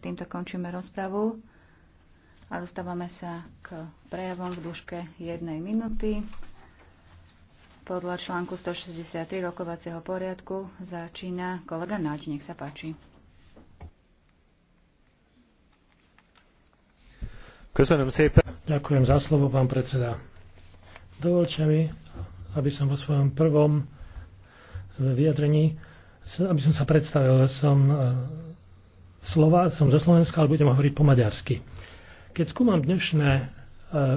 Týmto končíme rozpravu a dostávame sa k prejavom v dĺžke jednej minúty. Podľa článku 163 rokovacieho poriadku začína kolega Náď, nech sa páči. Ďakujem za slovo, pán predseda. Dovolte mi, aby som vo svojom prvom vyjadrení, aby som sa predstavil, som slova, som zo Slovenska, ale budem hovoriť po maďarsky. Keď skúmam dnešné e,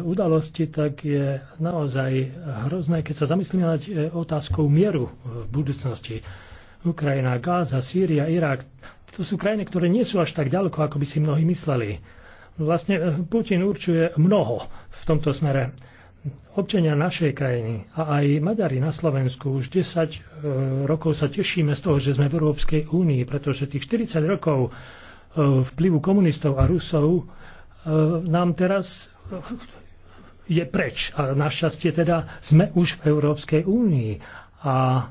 udalosti, tak je naozaj hrozné, keď sa zamyslíme nad e, otázkou mieru v budúcnosti. Ukrajina, Gáza, Sýria, Irak, to sú krajiny, ktoré nie sú až tak ďaleko, ako by si mnohí mysleli. Vlastne e, Putin určuje mnoho v tomto smere. Občania našej krajiny a aj Maďari na Slovensku už 10 rokov sa tešíme z toho, že sme v Európskej únii, pretože tých 40 rokov Eh, vplyvu komunistov a Rusov eh, nám teraz je preč. A našťastie teda sme už v Európskej únii. A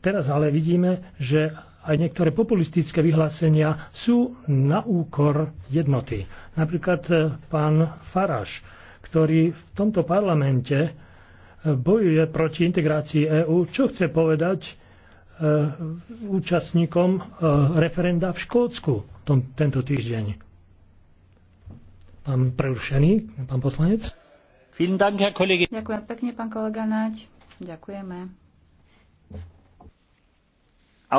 teraz ale vidíme, že aj niektoré populistické vyhlásenia sú na úkor jednoty. Napríklad eh, pán Faraš, ktorý v tomto parlamente bojuje proti integrácii EÚ, čo chce povedať, Eh, účastníkom eh, referenda v Škótsku tom, tento týždeň. Pán prerušený, pán poslanec. Ďakujem pekne, pán kolega Naď. Ďakujeme. Ja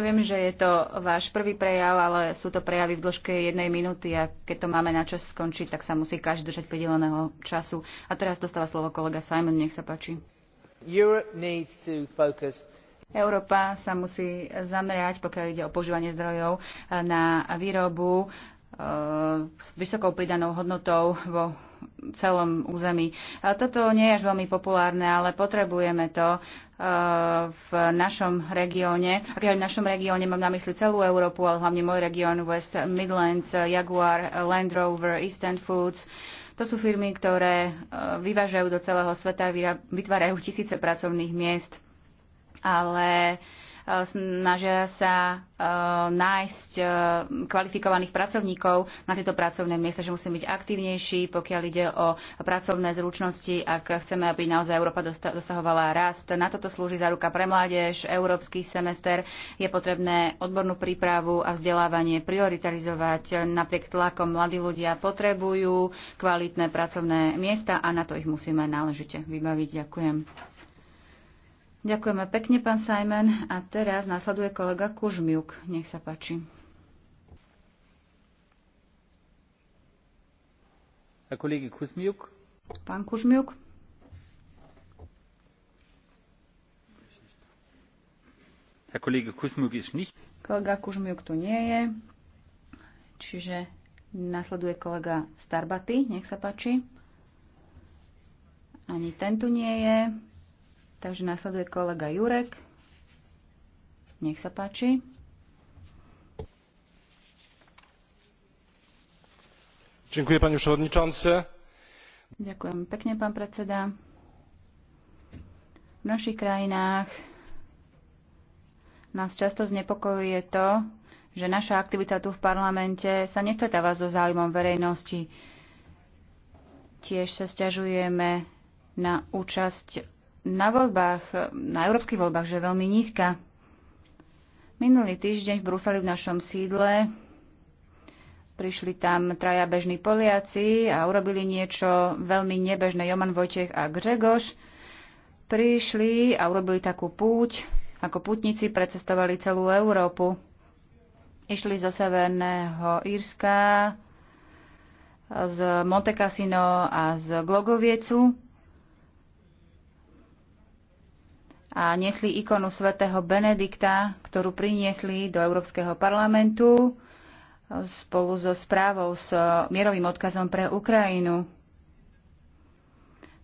viem, že je to váš prvý prejav, ale sú to prejavy v dĺžke jednej minúty a keď to máme na čas skončiť, tak sa musí každý držať prideleného času. A teraz dostáva slovo kolega Simon, nech sa páči. Európa sa musí zamerať, pokiaľ ide o používanie zdrojov, eh, na výrobu eh, s vysokou pridanou hodnotou vo celom území. Toto nie je až veľmi populárne, ale potrebujeme to eh, v našom regióne. A keď v našom regióne mám na mysli celú Európu, ale hlavne môj región West Midlands, Jaguar, Land Rover, Eastern Foods, to sú firmy, ktoré e, vyvážajú do celého sveta, vytvárajú tisíce pracovných miest, ale uh, snažia sa eh, nájsť eh, kvalifikovaných pracovníkov na tieto pracovné miesta, že musíme byť aktívnejší, pokiaľ ide o pracovné zručnosti, ak chceme, aby naozaj Európa dosahovala rast. Na toto slúži záruka pre mládež, európsky semester. Je potrebné odbornú prípravu a vzdelávanie prioritarizovať. Napriek tlakom mladí ľudia potrebujú kvalitné pracovné miesta a na to ich musíme náležite vybaviť. Ďakujem. Ďakujeme pekne, pán Simon. A teraz následuje kolega Kužmiuk. Nech sa páči. A kolegy Kužmiuk. Pán Kužmiuk. Herr Kollege Kužmiuk ist nicht. Kolega Kužmiuk tu nie je. Čiže nasleduje kolega Starbaty. Nech sa páči. Ani ten tu nie je. Takže nasleduje kolega Jurek. Nech sa páči. Ďakujem, pani przewodniczący. Ďakujem pekne, pán predseda. V našich krajinách nás často znepokojuje to, že naša aktivita tu v parlamente sa nestretáva so záujmom verejnosti. Tiež sa stiažujeme na účasť na voľbách, na európskych voľbách, že je veľmi nízka. Minulý týždeň v Bruseli v našom sídle prišli tam traja bežní Poliaci a urobili niečo veľmi nebežné. Joman Vojtech a Gřegoš prišli a urobili takú púť, ako putníci precestovali celú Európu. Išli zo Severného Írska, z Monte Cassino a z Glogoviecu a nesli ikonu svätého Benedikta, ktorú priniesli do Európskeho parlamentu spolu so správou s mierovým odkazom pre Ukrajinu.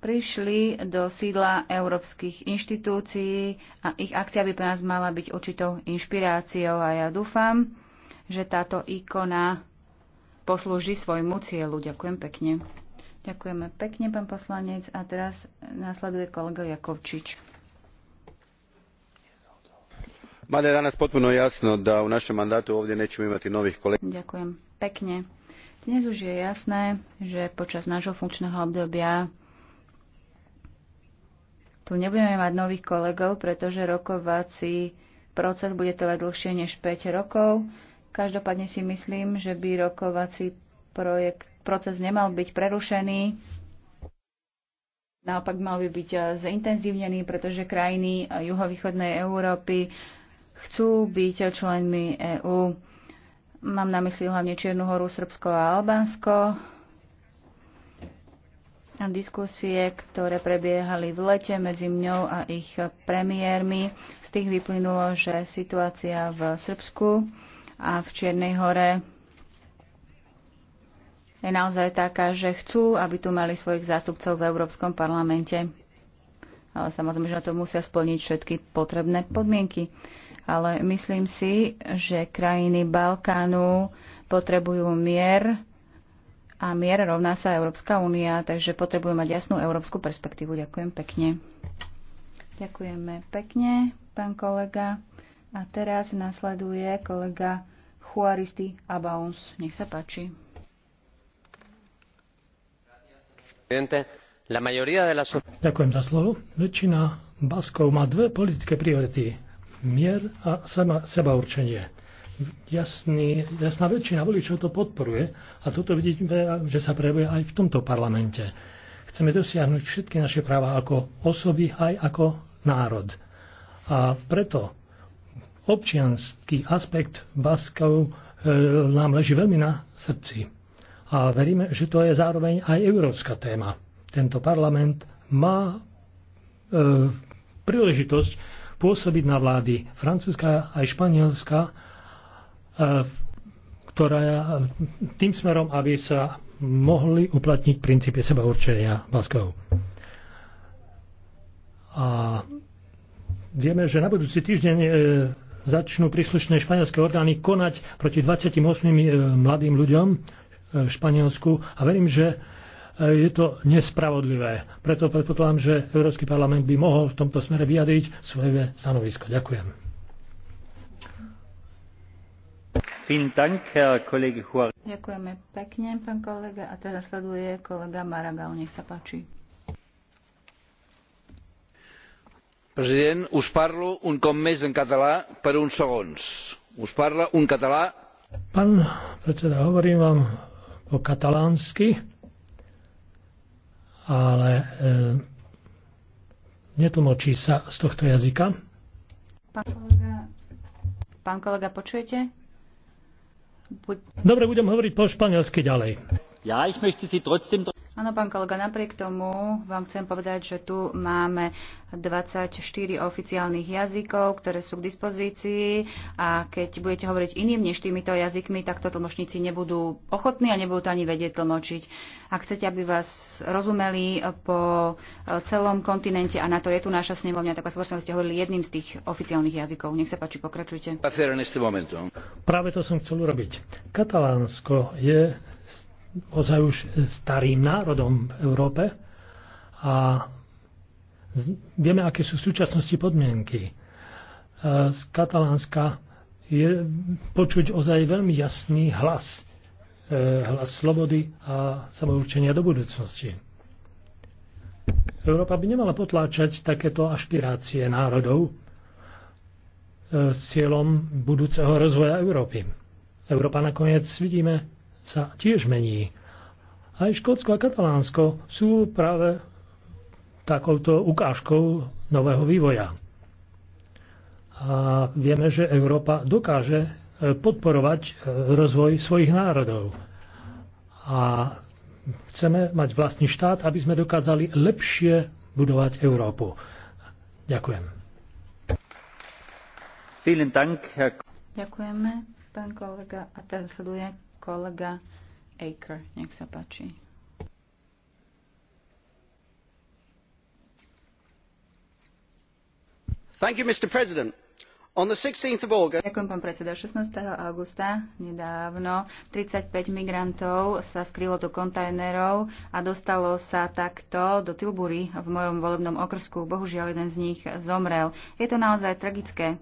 Prišli do sídla európskych inštitúcií a ich akcia by pre nás mala byť určitou inšpiráciou a ja dúfam, že táto ikona poslúži svojmu cieľu. Ďakujem pekne. Ďakujeme pekne, pán poslanec. A teraz nasleduje kolega Jakovčič mada je danas potpuno jasno da u našem mandatu ovdje nećemo imati novih kolega. Ďakujem pekne. Dnes už je jasné, že počas nášho funkčného obdobia tu nebudeme mať nových kolegov, pretože rokovací proces bude trvať dlhšie než 5 rokov. Každopádne si myslím, že by rokovací projekt, proces nemal byť prerušený, naopak mal by byť eh, zintenzívnený, pretože krajiny eh, juhovýchodnej Európy chcú byť členmi EÚ. Mám na mysli hlavne Čiernu horu, Srbsko a Albánsko. A diskusie, ktoré prebiehali v lete medzi mňou a ich premiérmi, z tých vyplynulo, že situácia v Srbsku a v Čiernej hore je naozaj taká, že chcú, aby tu mali svojich zástupcov v Európskom parlamente. Ale samozrejme, že na to musia splniť všetky potrebné podmienky ale myslím si, že krajiny Balkánu potrebujú mier a mier rovná sa Európska únia, takže potrebujú mať jasnú európsku perspektívu. Ďakujem pekne. Ďakujeme pekne, pán kolega. A teraz nasleduje kolega Juaristi Abauns. Nech sa páči. Ďakujem za slovo. Väčšina Baskov má dve politické priority mier a sama, seba určenie. Jasný, jasná väčšina voličov to podporuje a toto vidíme, že sa prejavuje aj v tomto parlamente. Chceme dosiahnuť všetky naše práva ako osoby, aj ako národ. A preto občianský aspekt Baskov e, nám leží veľmi na srdci. A veríme, že to je zároveň aj európska téma. Tento parlament má e, príležitosť pôsobiť na vlády francúzska aj španielska, e, ktorá tým smerom, aby sa mohli uplatniť princípy seba určenia Baskov. A vieme, že na budúci týždeň e, začnú príslušné španielské orgány konať proti 28 e, mladým ľuďom v Španielsku a verím, že E, je to nespravodlivé. Preto predpokladám, že Európsky parlament by mohol v tomto smere vyjadriť svoje stanovisko. Ďakujem. Ďakujeme pekne, pán kolega. A teraz nasleduje kolega Maragal. Nech sa páči. President, už parlo un cop més en català per un segons. Us parla un català... Pán predseda, hovorím vám po katalánsky ale e, netlmočí sa z tohto jazyka. Pán kolega, pán kolega počujete? Buď... Dobre, budem hovoriť po španielsky ďalej. Ja, ich si trotzdem Áno, pán kolega, napriek tomu vám chcem povedať, že tu máme 24 oficiálnych jazykov, ktoré sú k dispozícii a keď budete hovoriť iným než týmito jazykmi, tak to tlmočníci nebudú ochotní a nebudú to ani vedieť tlmočiť. Ak chcete, aby vás rozumeli po celom kontinente a na to je tu naša snemovňa, tak vás prosím, ste hovorili jedným z tých oficiálnych jazykov. Nech sa páči, pokračujte. Práve to som chcel urobiť. Katalánsko je ozaj už starým národom v Európe a vieme, aké sú v súčasnosti podmienky. E, z Katalánska je počuť ozaj veľmi jasný hlas, e, hlas slobody a samoučenia do budúcnosti. Európa by nemala potláčať takéto ašpirácie národov e, s cieľom budúceho rozvoja Európy. Európa nakoniec, vidíme, sa tiež mení. Aj Škótsko a Katalánsko sú práve takouto ukážkou nového vývoja. A vieme, že Európa dokáže e, podporovať e, rozvoj svojich národov. A chceme mať vlastný štát, aby sme dokázali lepšie budovať Európu. Ďakujem. Ďakujeme, pán kolega. A teraz sleduje kolega Aker. Nech sa páči. Thank you, Mr. President. On the 16th of August... Ďakujem, pán predseda. 16. augusta nedávno 35 migrantov sa skrylo do kontajnerov a dostalo sa takto do Tilbury v mojom volebnom okrsku. Bohužiaľ, jeden z nich zomrel. Je to naozaj tragické.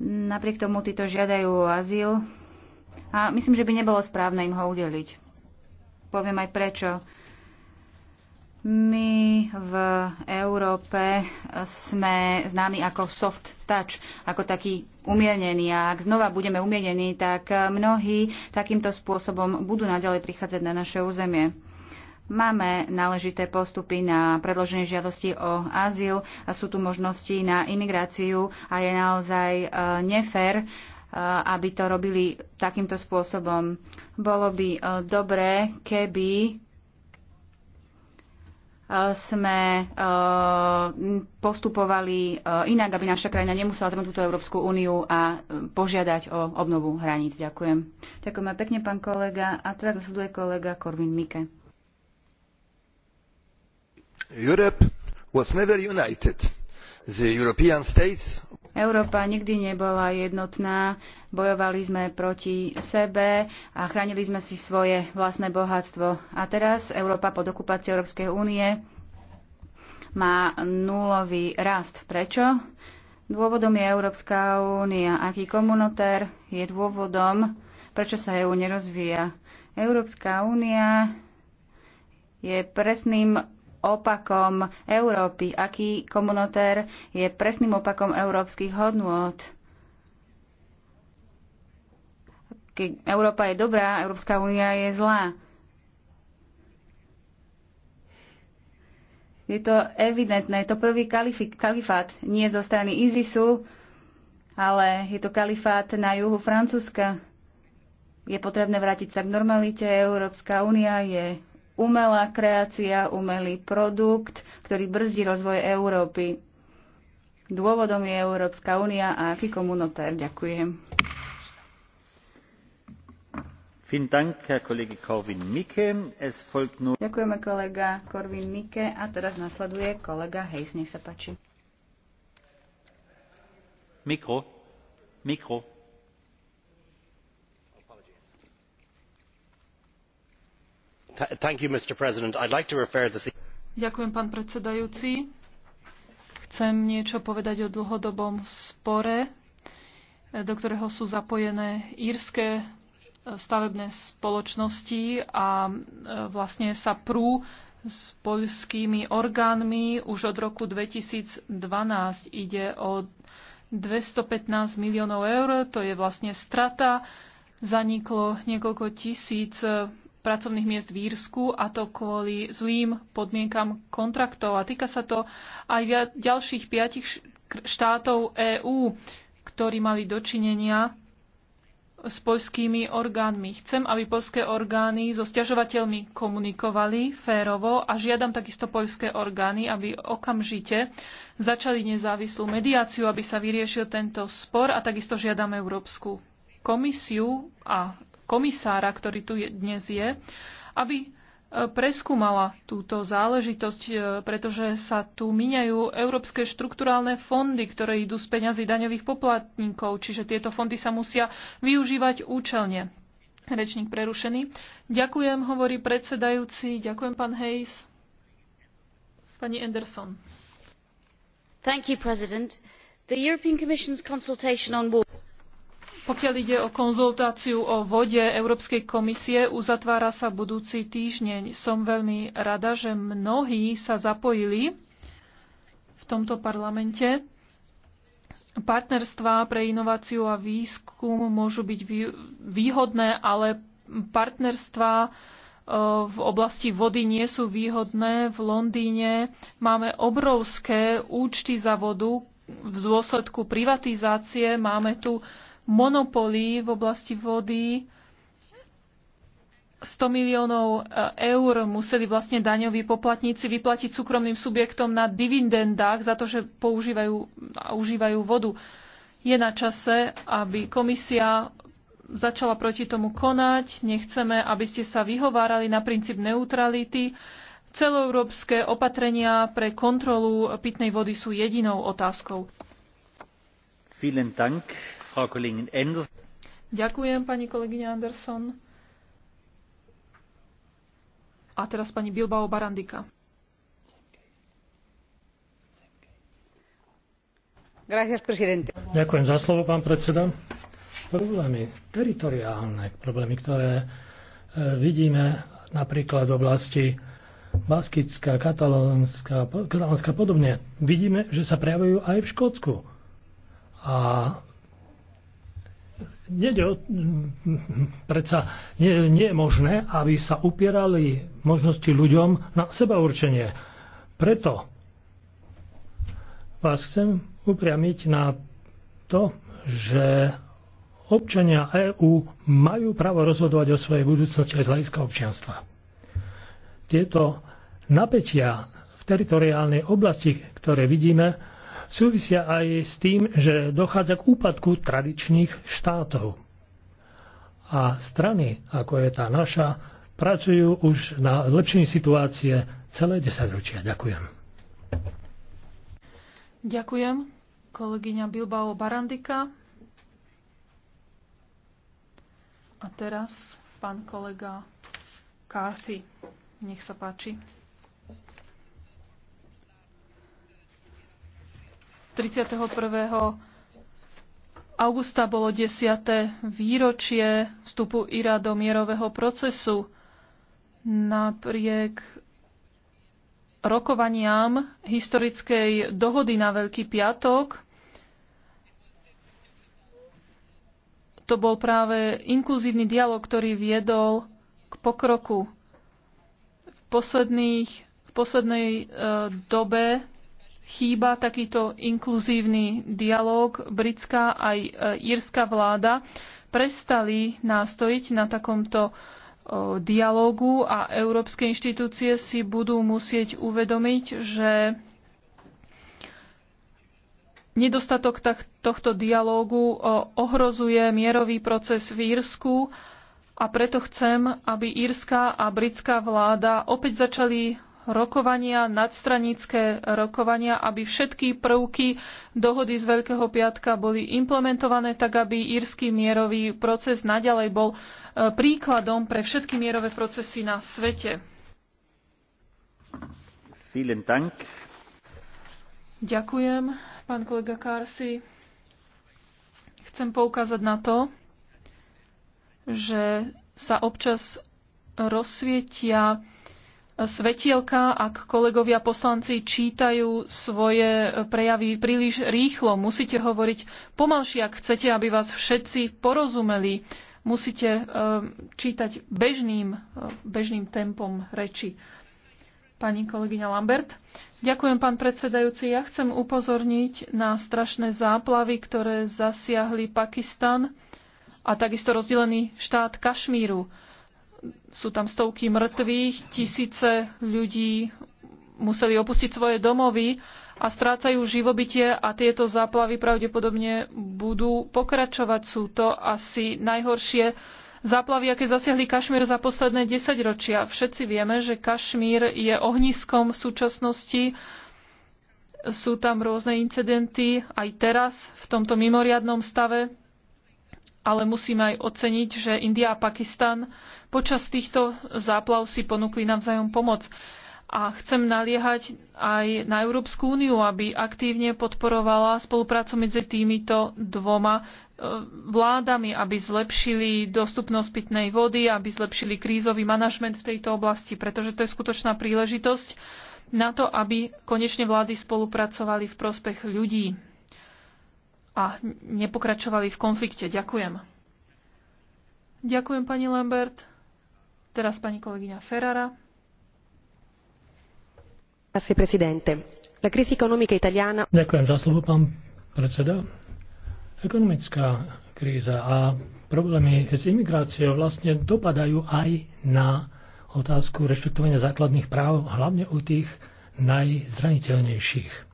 Napriek tomu títo žiadajú o azyl a myslím, že by nebolo správne im ho udeliť. Poviem aj prečo. My v Európe sme známi ako soft touch, ako taký umiernený. A ak znova budeme umiernení, tak mnohí takýmto spôsobom budú naďalej prichádzať na naše územie. Máme náležité postupy na predloženie žiadosti o azyl a sú tu možnosti na imigráciu a je naozaj e, nefér, e, aby to robili takýmto spôsobom. Bolo by e, dobré, keby sme postupovali inak, aby naša krajina nemusela zmať túto Európsku úniu a požiadať o obnovu hraníc. Ďakujem. Ďakujem pekne, pán kolega. A teraz nasleduje kolega Korvin Mike. Europe was never united. The European states Európa nikdy nebola jednotná, bojovali sme proti sebe a chránili sme si svoje vlastné bohatstvo. A teraz Európa pod okupáciou Európskej únie má nulový rast. Prečo? Dôvodom je Európska únia. Aký komunotér je dôvodom, prečo sa EÚ nerozvíja? Európska únia je presným opakom Európy. Aký komunotér je presným opakom európskych hodnôt. Keď Európa je dobrá, Európska únia je zlá. Je to evidentné. Je to prvý kalifát. Nie zo strany ISISu, ale je to kalifát na juhu Francúzska. Je potrebné vrátiť sa k normalite. Európska únia je umelá kreácia, umelý produkt, ktorý brzdí rozvoj Európy. Dôvodom je Európska únia a aký komunotár. Ďakujem. Ďakujeme kolega Korvin Mike a teraz nasleduje kolega Hejs, nech sa páči. Mikro. Mikro. Ďakujem, pán predsedajúci. Chcem niečo povedať o dlhodobom spore, e, do ktorého sú zapojené írske e, stavebné spoločnosti a e, vlastne sa prú s poľskými orgánmi už od roku 2012. Ide o 215 miliónov eur, to je vlastne strata. Zaniklo niekoľko tisíc pracovných miest v Írsku a to kvôli zlým podmienkam kontraktov. A týka sa to aj ďalších piatich štátov EÚ, ktorí mali dočinenia s poľskými orgánmi. Chcem, aby poľské orgány so stiažovateľmi komunikovali férovo a žiadam takisto poľské orgány, aby okamžite začali nezávislú mediáciu, aby sa vyriešil tento spor a takisto žiadam Európsku komisiu a komisára, ktorý tu dnes je, aby e, preskúmala túto záležitosť, e, pretože sa tu míňajú európske štrukturálne fondy, ktoré idú z peňazí daňových poplatníkov, čiže tieto fondy sa musia využívať účelne. Rečník prerušený. Ďakujem, hovorí predsedajúci. Ďakujem, pán Hayes. Pani Anderson. Thank you, President. The European Commission's consultation on water pokiaľ ide o konzultáciu o vode Európskej komisie, uzatvára sa budúci týždeň. Som veľmi rada, že mnohí sa zapojili v tomto parlamente. Partnerstvá pre inováciu a výskum môžu byť výhodné, ale partnerstvá e, v oblasti vody nie sú výhodné. V Londýne máme obrovské účty za vodu v dôsledku privatizácie. Máme tu monopolí v oblasti vody 100 miliónov eh, eur museli vlastne daňoví poplatníci vyplatiť súkromným subjektom na dividendách za to, že používajú a užívajú vodu. Je na čase, aby komisia začala proti tomu konať. Nechceme, aby ste sa vyhovárali na princíp neutrality. Celoeurópske opatrenia pre kontrolu pitnej vody sú jedinou otázkou. Vielen Dank. Ďakujem, pani kolegyňa Anderson. A teraz pani Bilbao Barandika. Ďakujem za slovo, pán predseda. Problémy teritoriálne, problémy, ktoré e, vidíme napríklad v oblasti Baskická, Katalónska, Katalónska podobne, vidíme, že sa prejavujú aj v Škótsku. A Nede predsa nie, nie je možné, aby sa upierali možnosti ľuďom na seba určenie. Preto vás chcem upriamiť na to, že občania EÚ majú právo rozhodovať o svojej budúcnosti aj z hľadiska občianstva. Tieto napätia v teritoriálnej oblasti, ktoré vidíme, súvisia aj s tým, že dochádza k úpadku tradičných štátov. A strany, ako je tá naša, pracujú už na zlepšení situácie celé desaťročia. Ďakujem. Ďakujem, kolegyňa Bilbao Barandika. A teraz pán kolega Carthy. Nech sa páči. 31. augusta bolo 10. výročie vstupu Ira do mierového procesu. Napriek rokovaniam historickej dohody na Veľký piatok to bol práve inkluzívny dialog, ktorý viedol k pokroku. V, posledných, v poslednej e, dobe chýba takýto inkluzívny dialog. Britská aj e, írska vláda prestali nástojiť na takomto e, dialógu a európske inštitúcie si budú musieť uvedomiť, že nedostatok tohto dialógu e, ohrozuje mierový proces v Írsku a preto chcem, aby írska a britská vláda opäť začali rokovania, nadstranické rokovania, aby všetky prvky dohody z Veľkého piatka boli implementované tak, aby írsky mierový proces naďalej bol e, príkladom pre všetky mierové procesy na svete. Vielen Dank. Ďakujem, pán kolega Kársi. Chcem poukázať na to, že sa občas rozsvietia svetielka, ak kolegovia poslanci čítajú svoje prejavy príliš rýchlo. Musíte hovoriť pomalšie, ak chcete, aby vás všetci porozumeli. Musíte eh, čítať bežným, eh, bežným tempom reči. Pani kolegyňa Lambert. Ďakujem, pán predsedajúci. Ja chcem upozorniť na strašné záplavy, ktoré zasiahli Pakistan a takisto rozdelený štát Kašmíru sú tam stovky mŕtvych, tisíce ľudí museli opustiť svoje domovy a strácajú živobytie a tieto záplavy pravdepodobne budú pokračovať. Sú to asi najhoršie záplavy, aké zasiahli Kašmír za posledné desaťročia. Všetci vieme, že Kašmír je ohniskom v súčasnosti. Sú tam rôzne incidenty aj teraz v tomto mimoriadnom stave ale musíme aj oceniť, že India a Pakistan počas týchto záplav si ponúkli navzájom pomoc. A chcem naliehať aj na Európsku úniu, aby aktívne podporovala spoluprácu medzi týmito dvoma e, vládami, aby zlepšili dostupnosť pitnej vody, aby zlepšili krízový manažment v tejto oblasti, pretože to je skutočná príležitosť na to, aby konečne vlády spolupracovali v prospech ľudí a nepokračovali v konflikte. Ďakujem. Ďakujem, pani Lambert. Teraz pani kolegyňa Ferrara. Ďakujem za slovo, pán predseda. Ekonomická kríza a problémy s imigráciou vlastne dopadajú aj na otázku rešpektovania základných práv, hlavne u tých najzraniteľnejších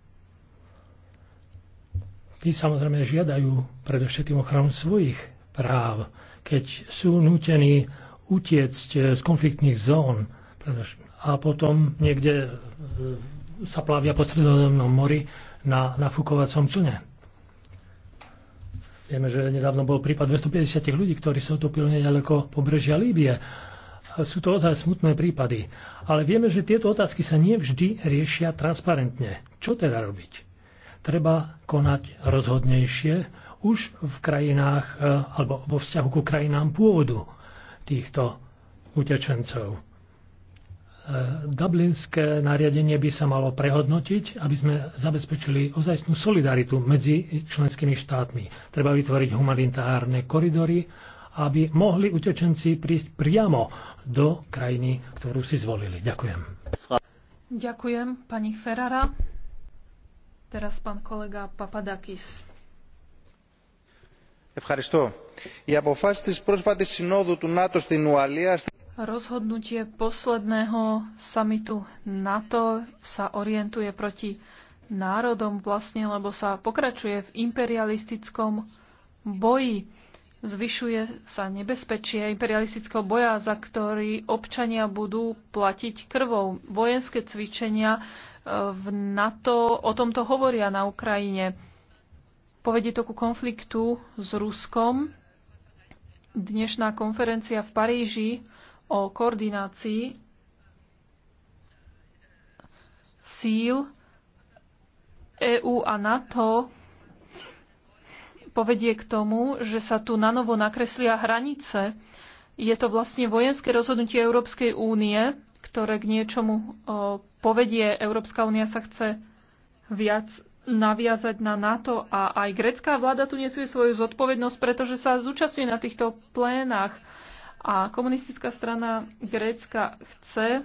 tí samozrejme žiadajú predovšetkým ochranu svojich práv, keď sú nútení utiecť eh, z konfliktných zón a potom niekde eh, sa plavia po stredozemnom mori na nafúkovacom člne. Vieme, že nedávno bol prípad 250 ľudí, ktorí sa utopili nedaleko pobrežia Líbie. Sú to ozaj smutné prípady. Ale vieme, že tieto otázky sa nevždy riešia transparentne. Čo teda robiť? treba konať rozhodnejšie už v krajinách e, alebo vo vzťahu ku krajinám pôvodu týchto utečencov. E, dublinské nariadenie by sa malo prehodnotiť, aby sme zabezpečili ozajstnú solidaritu medzi členskými štátmi. Treba vytvoriť humanitárne koridory, aby mohli utečenci prísť priamo do krajiny, ktorú si zvolili. Ďakujem. Ďakujem, pani Ferrara. Teraz pán kolega Papadakis. Ευχαριστώ. Οι αποφάσει της πρόσφατης συνόδου του ΝΑΤΟ στην Ουαλία. Rozhodnutie posledného samitu NATO sa orientuje proti národom vlastne, lebo sa pokračuje v imperialistickom boji. Zvyšuje sa nebezpečie imperialistického boja, za ktorý občania budú platiť krvou. Vojenské cvičenia v NATO o tomto hovoria na Ukrajine. Povedie to ku konfliktu s Ruskom. Dnešná konferencia v Paríži o koordinácii síl EÚ a NATO povedie k tomu, že sa tu nanovo nakreslia hranice. Je to vlastne vojenské rozhodnutie Európskej únie, ktoré k niečomu povedie. Európska únia sa chce viac naviazať na NATO a aj grecká vláda tu nesie svoju zodpovednosť, pretože sa zúčastňuje na týchto plénach. A komunistická strana Grécka chce,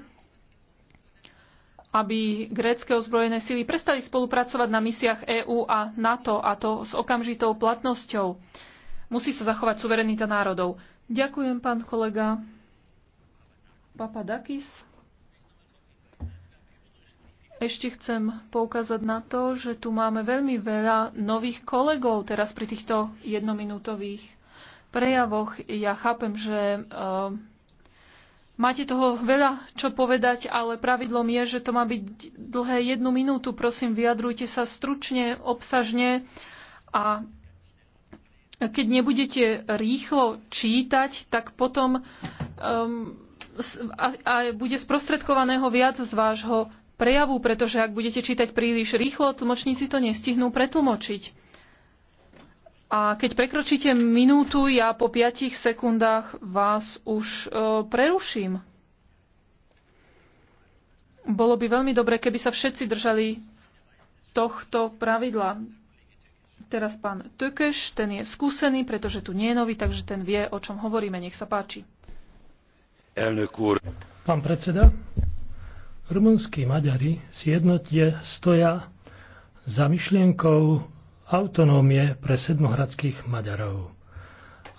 aby grécké ozbrojené síly prestali spolupracovať na misiách EÚ a NATO, a to s okamžitou platnosťou. Musí sa zachovať suverenita národov. Ďakujem, pán kolega Papadakis. Ešte chcem poukázať na to, že tu máme veľmi veľa nových kolegov teraz pri týchto jednominútových prejavoch. Ja chápem, že uh, máte toho veľa čo povedať, ale pravidlom je, že to má byť dlhé jednu minútu. Prosím, vyjadrujte sa stručne, obsažne a keď nebudete rýchlo čítať, tak potom um, a, a bude sprostredkovaného viac z vášho prejavu, pretože ak budete čítať príliš rýchlo, tlmočníci to nestihnú pretlmočiť. A keď prekročíte minútu, ja po 5 sekundách vás už e, preruším. Bolo by veľmi dobre, keby sa všetci držali tohto pravidla. Teraz pán Tökeš, ten je skúsený, pretože tu nie je nový, takže ten vie, o čom hovoríme. Nech sa páči. Pán predseda, Rumunskí Maďari si jednotie stoja za myšlienkou autonómie pre sedmohradských Maďarov.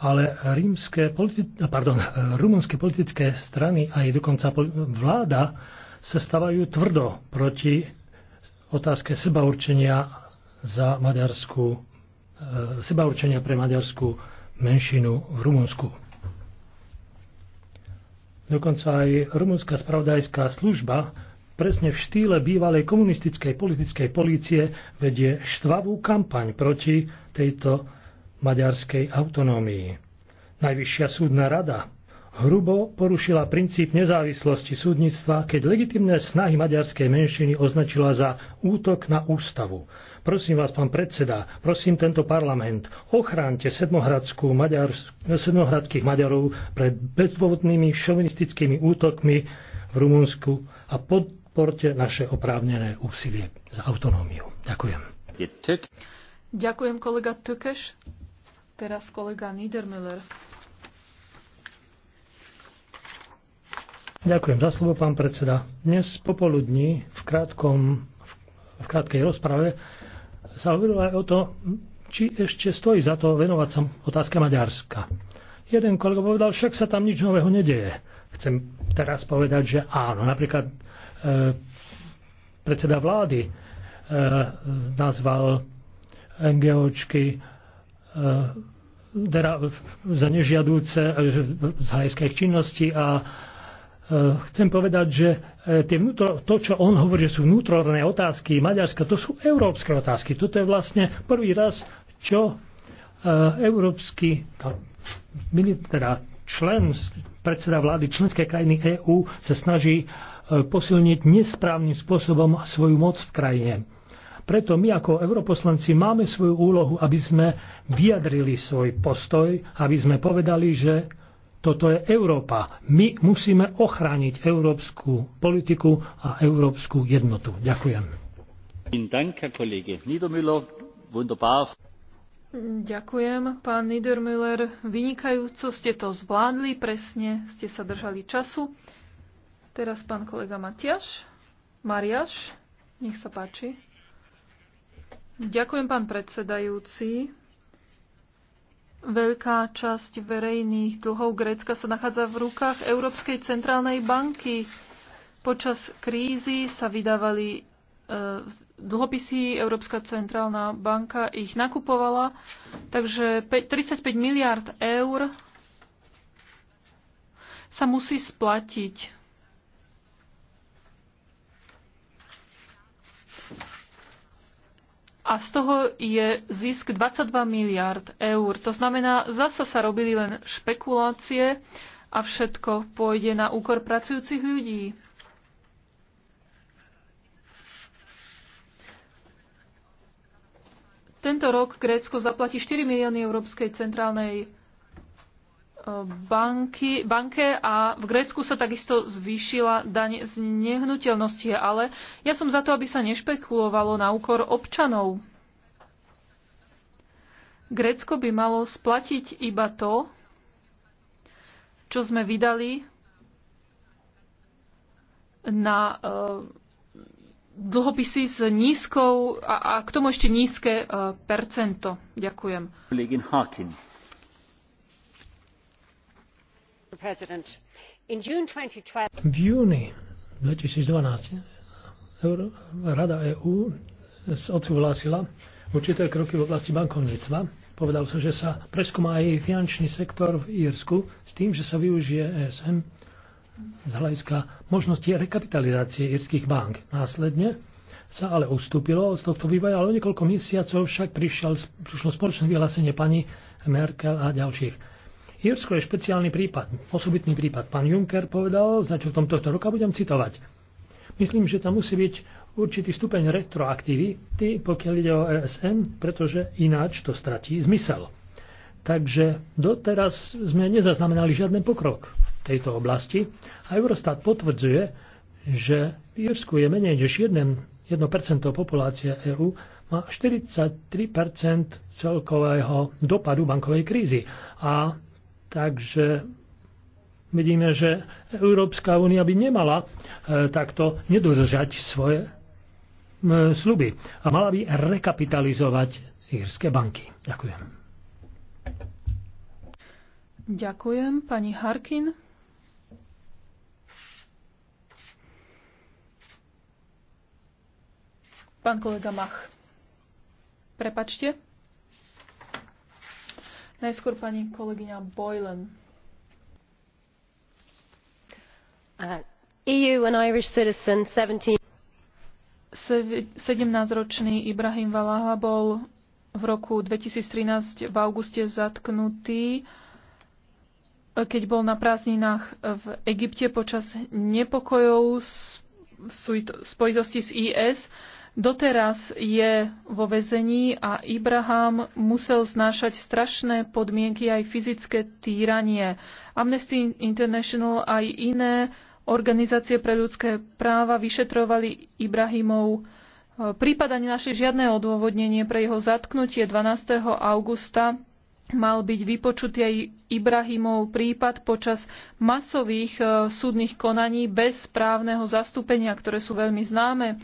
Ale rímske politi- no, pardon, rumunské politické strany a aj dokonca vláda sa stavajú tvrdo proti otázke sebaurčenia za maďarskú, e, sebaurčenia pre maďarskú menšinu v Rumunsku. Dokonca aj rumunská spravodajská služba presne v štýle bývalej komunistickej politickej polície vedie štvavú kampaň proti tejto maďarskej autonómii. Najvyššia súdna rada hrubo porušila princíp nezávislosti súdnictva, keď legitimné snahy maďarskej menšiny označila za útok na ústavu. Prosím vás, pán predseda, prosím tento parlament, ochránte Maďar, sedmohradských Maďarov pred bezdôvodnými šovinistickými útokmi v Rumunsku a podporte naše oprávnené úsilie za autonómiu. Ďakujem. Ďakujem, kolega Tukeš. Teraz kolega Niedermüller. Ďakujem za slovo, pán predseda. Dnes popoludní v, krátkom, v krátkej rozprave sa hovorilo aj o to, či ešte stojí za to venovať sa otázke Maďarska. Jeden kolega povedal, však sa tam nič nového nedieje. Chcem teraz povedať, že áno. Napríklad e, predseda vlády e, nazval NGOčky e, dera, za nežiadúce e, z hajských činností a Eh, chcem povedať, že eh, tie vnútro, to, čo on hovorí, že sú vnútorné otázky Maďarska, to sú európske otázky. Toto je vlastne prvý raz, čo eh, európsky teda člen, predseda vlády členskej krajiny EÚ sa snaží posilniť nesprávnym spôsobom svoju moc v krajine. Preto my ako europoslanci máme svoju úlohu, aby sme vyjadrili svoj postoj, aby sme povedali, že toto je Európa. My musíme ochrániť európsku politiku a európsku jednotu. Ďakujem. Ďakujem, pán Niedermüller. Vynikajúco ste to zvládli, presne ste sa držali času. Teraz pán kolega Matiaš. Mariaš, nech sa páči. Ďakujem, pán predsedajúci. Veľká časť verejných dlhov Grécka sa nachádza v rukách Európskej centrálnej banky. Počas krízy sa vydávali e, dlhopisy, Európska centrálna banka ich nakupovala, takže 35 miliard eur sa musí splatiť a z toho je zisk 22 miliard eur. To znamená, zasa sa robili len špekulácie a všetko pôjde na úkor pracujúcich ľudí. Tento rok Grécko zaplatí 4 milióny Európskej centrálnej banky, banke a v Grécku sa takisto zvýšila daň z nehnuteľnosti, ale ja som za to, aby sa nešpekulovalo na úkor občanov. Grécko by malo splatiť iba to, čo sme vydali na eh, dlhopisy s nízkou a, a k tomu ešte nízke eh, percento. Ďakujem. V júni 2012 Rada EÚ odsúhlasila určité kroky v oblasti bankovníctva. Povedal sa, že sa preskúma aj finančný sektor v Írsku s tým, že sa využije ESM z hľadiska možnosti rekapitalizácie írskych bank. Následne sa ale ustúpilo od tohto vývoja, ale o niekoľko mesiacov však prišiel, prišlo spoločné vyhlásenie pani Merkel a ďalších. Írsko je špeciálny prípad, osobitný prípad. Pán Juncker povedal v tohto roka, budem citovať. Myslím, že tam musí byť určitý stupeň retroaktivity, pokiaľ ide o ESM, pretože ináč to stratí zmysel. Takže doteraz sme nezaznamenali žiadny pokrok v tejto oblasti a Eurostat potvrdzuje, že v Írsku je menej než 1, 1% populácie EÚ má 43% celkového dopadu bankovej krízy a Takže vidíme, že Európska únia by nemala e, takto nedodržať svoje e, sluby a mala by rekapitalizovať írske banky. Ďakujem. Ďakujem, pani Harkin. Pán kolega Mach. Prepačte. Najskôr pani kolegyňa Boylan. Uh, EU and Irish citizen 17... 17-ročný Ibrahim Valaha bol v roku 2013 v auguste zatknutý, keď bol na prázdninách v Egypte počas nepokojov v spojitosti s IS. Doteraz je vo väzení a Ibrahám musel znášať strašné podmienky aj fyzické týranie. Amnesty International aj iné organizácie pre ľudské práva vyšetrovali Ibrahimov e, Prípada a nenašli žiadne odôvodnenie pre jeho zatknutie 12. augusta mal byť vypočutý aj Ibrahimov prípad počas masových e, súdnych konaní bez právneho zastúpenia, ktoré sú veľmi známe.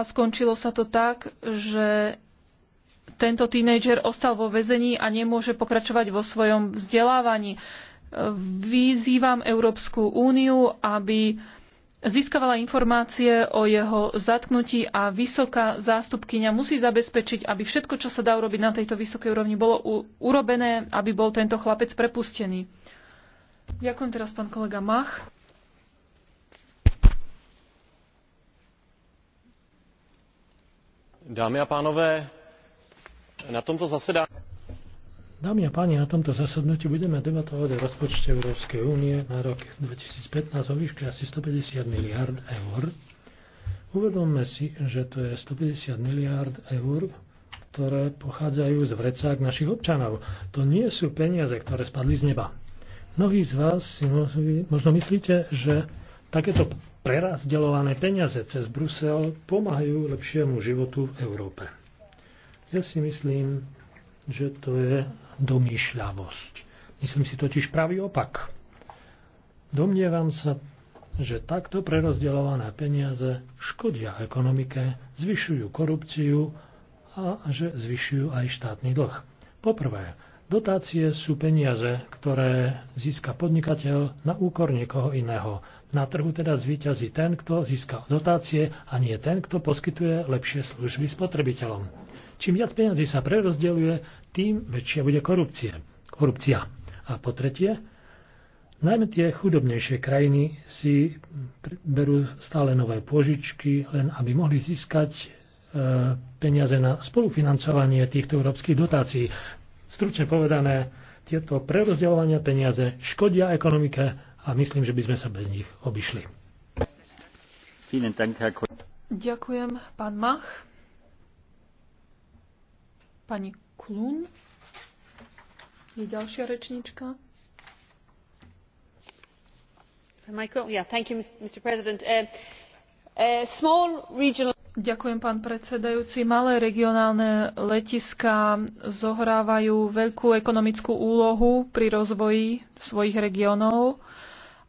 a skončilo sa to tak, že tento tínejdžer ostal vo väzení a nemôže pokračovať vo svojom vzdelávaní. Vyzývam Európsku úniu, aby získavala informácie o jeho zatknutí a vysoká zástupkyňa musí zabezpečiť, aby všetko, čo sa dá urobiť na tejto vysokej úrovni, bolo urobené, aby bol tento chlapec prepustený. Ďakujem teraz pán kolega Mach. Dámy a na tomto páni, na tomto zasadnutí budeme debatovať o rozpočte Európskej únie na rok 2015 o výške asi 150 miliard eur. Uvedomme si, že to je 150 miliard eur, ktoré pochádzajú z vrecák našich občanov. To nie sú peniaze, ktoré spadli z neba. Mnohí z vás si možno myslíte, že takéto Prerazdelované peniaze cez Brusel pomáhajú lepšiemu životu v Európe. Ja si myslím, že to je domýšľavosť. Myslím si totiž pravý opak. Domnievam sa, že takto prerozdeľované peniaze škodia ekonomike, zvyšujú korupciu a že zvyšujú aj štátny dlh. Poprvé, Dotácie sú peniaze, ktoré získa podnikateľ na úkor niekoho iného. Na trhu teda zvíťazí ten, kto získa dotácie a nie ten, kto poskytuje lepšie služby spotrebiteľom. Čím viac peniazy sa prerozdeľuje, tým väčšia bude korupcie. korupcia. A po tretie, najmä tie chudobnejšie krajiny si berú stále nové požičky, len aby mohli získať e, peniaze na spolufinancovanie týchto európskych dotácií. Stručne povedané, tieto prerozdeľovania peniaze škodia ekonomike a myslím, že by sme sa bez nich obišli. Ďakujem, pán Mach. Pani Klun je ďalšia rečnička. Michael, yeah, thank you, Mr. President. Uh, uh, small regional Ďakujem, pán predsedajúci. Malé regionálne letiská zohrávajú veľkú ekonomickú úlohu pri rozvoji svojich regiónov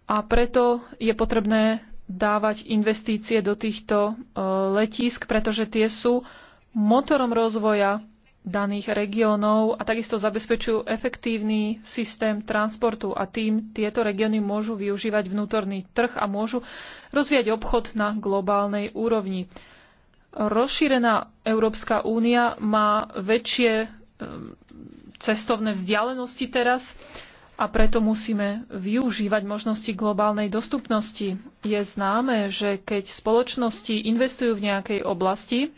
a preto je potrebné dávať investície do týchto e, letísk, pretože tie sú motorom rozvoja daných regiónov a takisto zabezpečujú efektívny systém transportu a tým tieto regióny môžu využívať vnútorný trh a môžu rozvíjať obchod na globálnej úrovni rozšírená Európska únia má väčšie cestovné vzdialenosti teraz a preto musíme využívať možnosti globálnej dostupnosti. Je známe, že keď spoločnosti investujú v nejakej oblasti,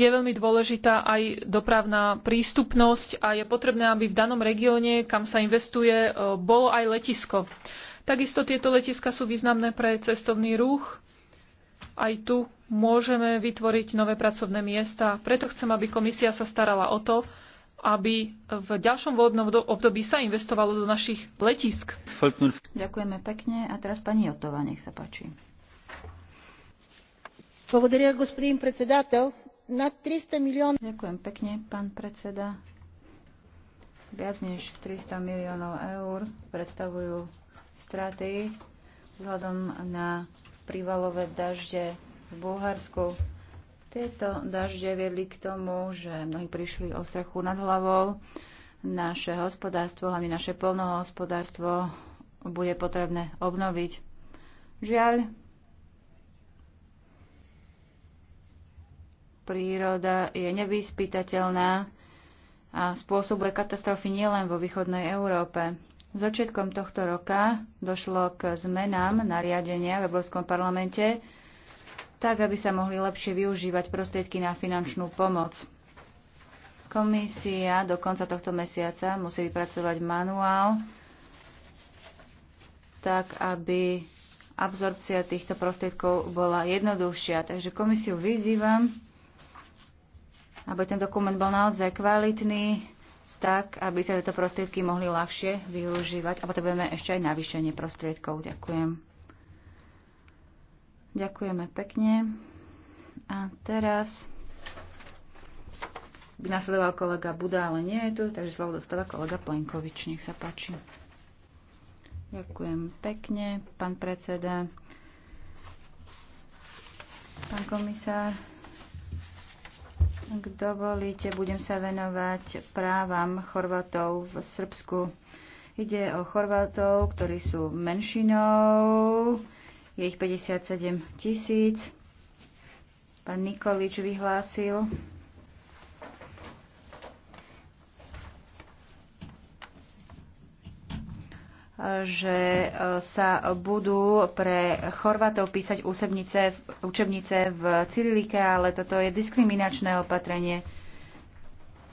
je veľmi dôležitá aj dopravná prístupnosť a je potrebné, aby v danom regióne, kam sa investuje, e, bolo aj letisko. Takisto tieto letiska sú významné pre cestovný ruch. Aj tu môžeme vytvoriť nové pracovné miesta. Preto chcem, aby komisia sa starala o to, aby v ďalšom voľbnom období sa investovalo do našich letisk. Ďakujeme pekne. A teraz pani Jotová, nech sa páči. Ďakujem pekne, pán predseda. Viac než 300 miliónov eur predstavujú straty vzhľadom na prívalové dažde v Bulharsku. Tieto dažde viedli k tomu, že mnohí prišli o strechu nad hlavou. Naše hospodárstvo, hlavne naše polnohospodárstvo, bude potrebné obnoviť. Žiaľ, príroda je nevyspytateľná a spôsobuje katastrofy nielen vo východnej Európe. Začiatkom tohto roka došlo k zmenám nariadenia v Európskom parlamente, tak aby sa mohli lepšie využívať prostriedky na finančnú pomoc. Komisia do konca tohto mesiaca musí vypracovať manuál, tak aby absorpcia týchto prostriedkov bola jednoduchšia. Takže komisiu vyzývam, aby ten dokument bol naozaj kvalitný, tak aby sa tieto prostriedky mohli ľahšie využívať a potrebujeme ešte aj navýšenie prostriedkov. Ďakujem. Ďakujeme pekne. A teraz by nasledoval kolega Buda, ale nie je tu, takže slovo dostáva kolega Plenkovič. Nech sa páči. Ďakujem pekne, pán predseda. Pán komisár, ak dovolíte, budem sa venovať právam Chorvatov v Srbsku. Ide o Chorvatov, ktorí sú menšinou je ich 57 tisíc. Pán Nikolič vyhlásil, že e, sa budú pre Chorvatov písať úsebnice, učebnice v Cyrilike, ale toto je diskriminačné opatrenie.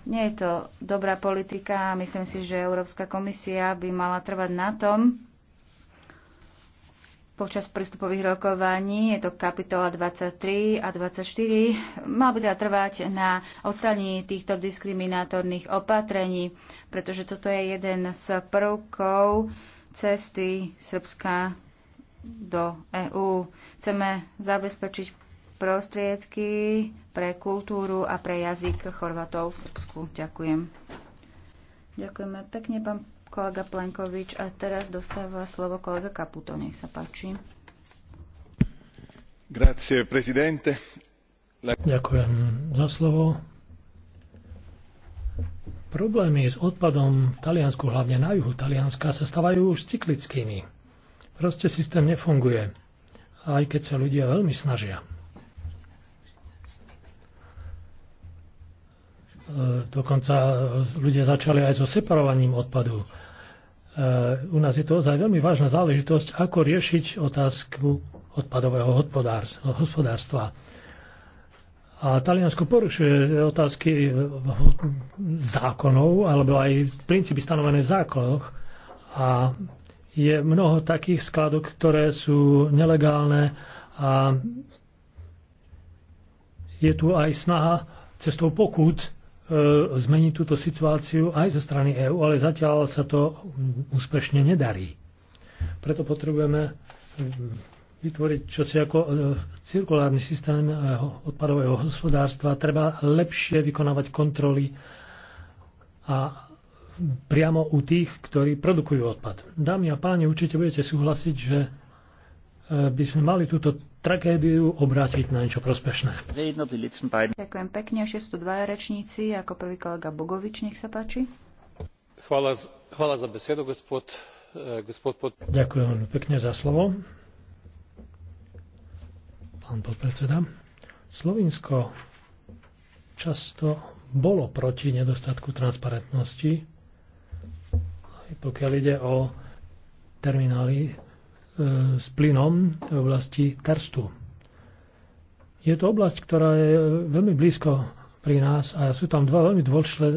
Nie je to dobrá politika a myslím si, že Európska komisia by mala trvať na tom, počas prístupových rokovaní, je to kapitola 23 a 24, mal by teda trvať na odstranení týchto diskriminátorných opatrení, pretože toto je jeden z prvkov cesty Srbska do EÚ. Chceme zabezpečiť prostriedky pre kultúru a pre jazyk Chorvatov v Srbsku. Ďakujem. Ďakujeme pekne, pán kolega Plenkovič a teraz dostáva slovo kolega Kaputo. Nech sa páči. Grazie, presidente. La... Ďakujem za slovo. Problémy s odpadom v Taliansku, hlavne na juhu Talianska, sa stávajú už cyklickými. Proste systém nefunguje, aj keď sa ľudia veľmi snažia. E, dokonca ľudia začali aj so separovaním odpadu. Eh, u nás je to ozaj veľmi vážna záležitosť, ako riešiť otázku odpadového hospodárstva. A Taliansko porušuje otázky zákonov, alebo aj princípy stanovené v zákonoch. A je mnoho takých skladok, ktoré sú nelegálne a je tu aj snaha cestou pokút E, zmeniť túto situáciu aj zo strany EÚ, ale zatiaľ sa to úspešne nedarí. Preto potrebujeme e, vytvoriť čosi ako e, cirkulárny systém odpadového hospodárstva. Treba lepšie vykonávať kontroly a priamo u tých, ktorí produkujú odpad. Dámy a páni, určite budete súhlasiť, že by sme mali túto tragédiu obrátiť na niečo prospešné. Ďakujem pekne, že sú tu dvaja rečníci, ako prvý kolega Bogovič, nech sa páči. Hvala, hvala za besedu, gospod, eh, gospod pod... Ďakujem pekne za slovo. Pán podpredseda. Slovinsko často bolo proti nedostatku transparentnosti, pokiaľ ide o terminály s plynom v oblasti Terstu. Je to oblasť, ktorá je veľmi blízko pri nás a sú tam dva veľmi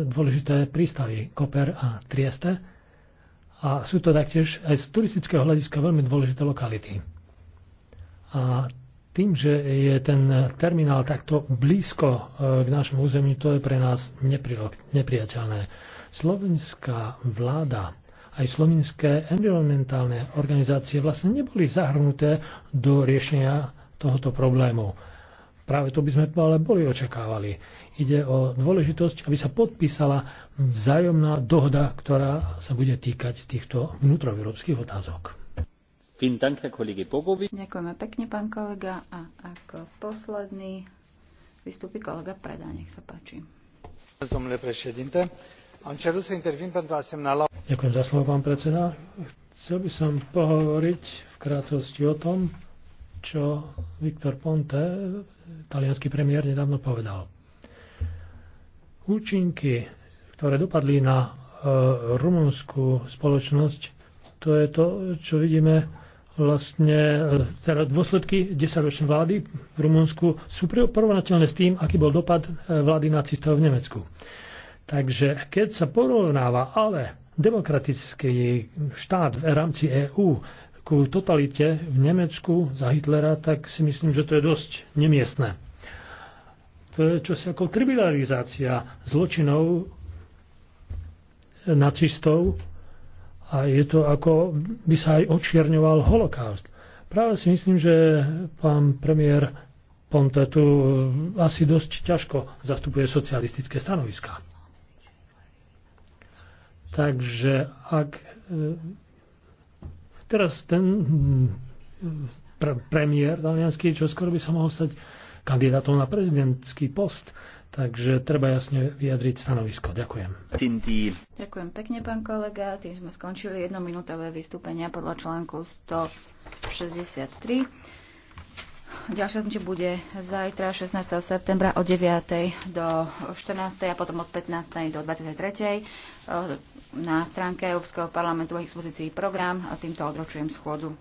dôležité prístavy, Koper a Trieste. A sú to taktiež aj z turistického hľadiska veľmi dôležité lokality. A tým, že je ten terminál takto blízko e, k našemu území, to je pre nás nepriateľné. Slovenská vláda aj slovinské environmentálne organizácie vlastne neboli zahrnuté do riešenia tohoto problému. Práve to by sme ale boli očakávali. Ide o dôležitosť, aby sa podpísala vzájomná dohoda, ktorá sa bude týkať týchto vnútroeurópskych otázok. Ďakujeme pekne, pán kolega. A ako posledný vystúpi kolega Preda. Nech sa páči. Ďakujem za slovo, pán predseda. Chcel by som pohovoriť v krátkosti o tom, čo Viktor Ponte, talianský premiér, nedávno povedal. Účinky, ktoré dopadli na e, spoločnosť, to je to, čo vidíme vlastne, e, teda dôsledky desaťročnej vlády v Rumunsku sú porovnateľné s tým, aký bol dopad e, vlády nacistov v Nemecku. Takže keď sa porovnáva ale demokratický štát v rámci EÚ ku totalite v Nemecku za Hitlera, tak si myslím, že to je dosť nemiestné. To je čosi ako trivializácia zločinov eh, nacistov a je to ako by sa aj očierňoval holokaust. Práve si myslím, že pán premiér Ponte tu eh, asi dosť ťažko zastupuje socialistické stanoviská. Takže ak e, teraz ten mm, pre, premiér talianský skoro by sa mohol stať kandidátom na prezidentský post, takže treba jasne vyjadriť stanovisko. Ďakujem. Tindy. Ďakujem pekne, pán kolega. Tým sme skončili jednominútové vystúpenia podľa článku 163. Ďalšie znutie bude zajtra 16. septembra od 9. do 14. a potom od 15. do 23. Na stránke Európskeho parlamentu je expozícii dispozícii program a týmto odročujem schôdu.